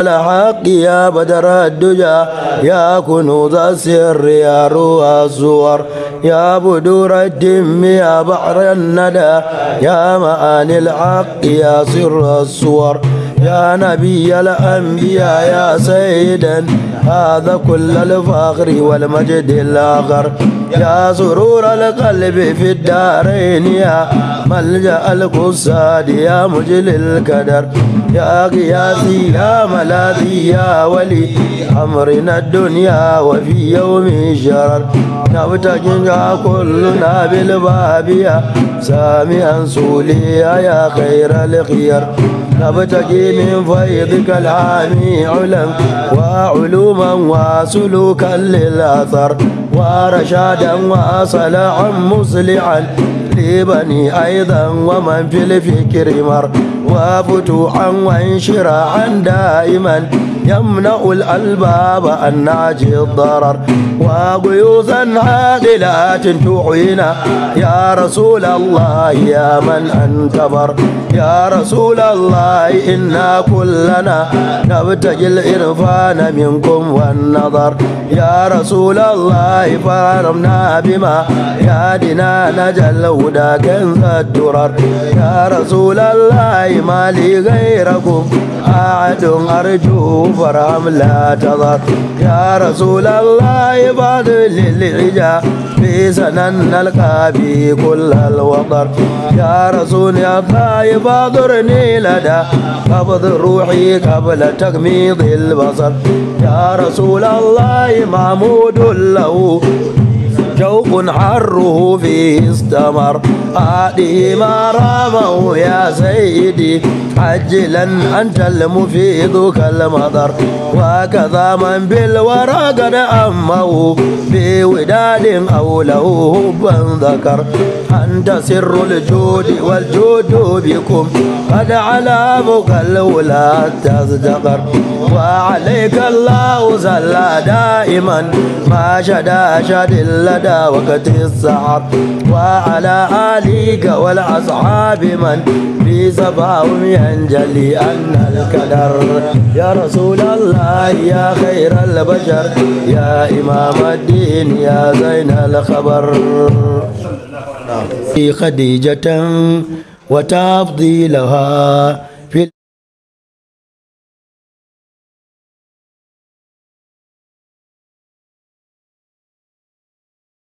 الحق يا بدر الدجى يا كنوز السر يا روح الزور يا بدور الدم يا بحر الندى يا معاني الحق يا سر الصور يا نبي الأنبياء يا سيدا هذا كل الفخر والمجد الآخر يا سرور القلب في الدارين يا ملجأ القصاد يا مجل الكدر يا قياسي يا ملاذي يا ولي أمرنا الدنيا وفي يوم الشرر نبتجع كلنا بالباب يا سامي سوليا يا خير الخير نبتقي من فيضك العامي علم وعلوما وسلوكا للأثر ورشادا وصلاعا مصلعا لبني أيضا ومن في الفكر مر وفتوحا وانشراحا دائما يمنع الألباب أن ناجي الضرر وغيوثا عادلات تعينا يا رسول الله يا من أنتبر يا رسول الله إنا كلنا نبتغي الإرفان منكم والنظر يا رسول الله فارمنا بما دنا نجل الهدى كنز الدرر يا رسول الله ما لي غيركم أعد أرجوه kufar hamla ta zar ya rasulallah ibadu lil'ija fi sanan alqabi kull alwadar ya rasul ya fa ibadur nilada qabd ruhi qabl taqmid albasar ya rasulallah mahmudul lahu يكون حره في استمر هذه ما يا سيدي عجلا أنت المفيد كالمطر وكذا من بالورى قد أمه بوداد أو له حبا ذكر أنت سر الجود والجود بكم قد علامك الولاة تزدقر وعليك الله صلى دائما ما شدا شد لدى وقت الصعب وعلى آليك والأصحاب من في صفاهم ينجلي أن الكدر يا رسول الله يا خير البشر يا إمام الدين يا زين الخبر نعم. في خديجة وتفضيلها